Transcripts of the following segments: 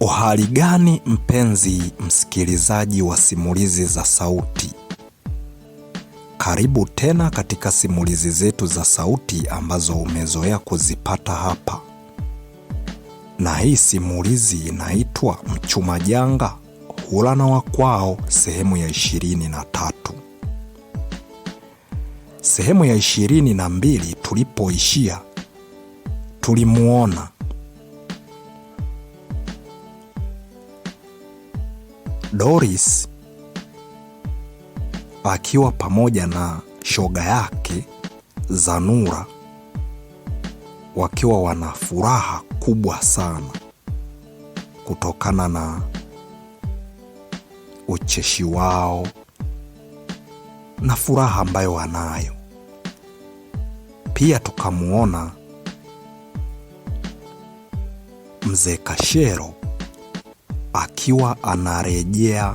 Uhali gani mpenzi msikilizaji wa simulizi za sauti, karibu tena katika simulizi zetu za sauti ambazo umezoea kuzipata hapa, na hii simulizi inaitwa Mchuma Janga Hula na Wakwao sehemu ya ishirini na tatu. Sehemu ya ishirini na mbili tulipoishia tulimuona Doris akiwa pamoja na shoga yake Zanura wakiwa wana furaha kubwa sana kutokana na ucheshi wao na furaha ambayo wanayo. Pia tukamwona mzee Kashero akiwa anarejea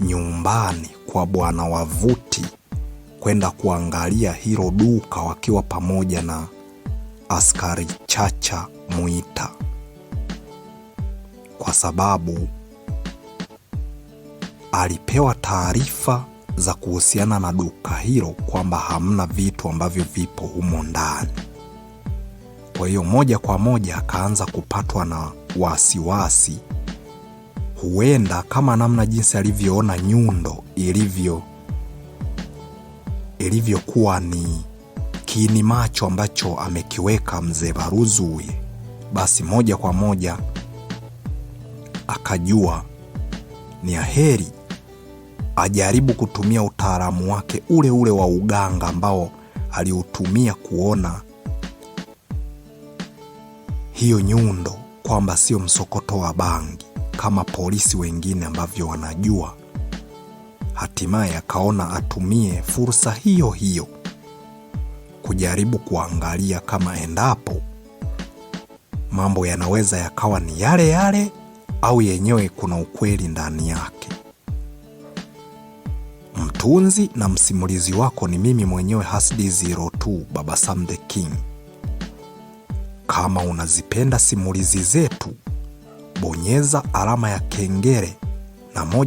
nyumbani kwa bwana Wavuti kwenda kuangalia hilo duka wakiwa pamoja na askari Chacha Mwita, kwa sababu alipewa taarifa za kuhusiana na duka hilo kwamba hamna vitu ambavyo vipo humo ndani. Kwa hiyo moja kwa moja akaanza kupatwa na wasiwasi huenda kama namna jinsi alivyoona nyundo ilivyo ilivyokuwa ni kiini macho ambacho amekiweka mzee Baruzuwi, basi moja kwa moja akajua ni aheri ajaribu kutumia utaalamu wake ule ule wa uganga ambao aliutumia kuona hiyo nyundo kwamba sio msokoto wa bangi kama polisi wengine ambavyo wanajua, hatimaye akaona atumie fursa hiyo hiyo kujaribu kuangalia kama endapo mambo yanaweza yakawa ni yale yale au yenyewe kuna ukweli ndani yake. Mtunzi na msimulizi wako ni mimi mwenyewe Hasdi02 Baba Sam the King. Kama unazipenda simulizi zetu, bonyeza alama ya kengele na moja